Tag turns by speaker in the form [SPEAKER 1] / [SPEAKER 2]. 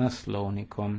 [SPEAKER 1] naslovnikom.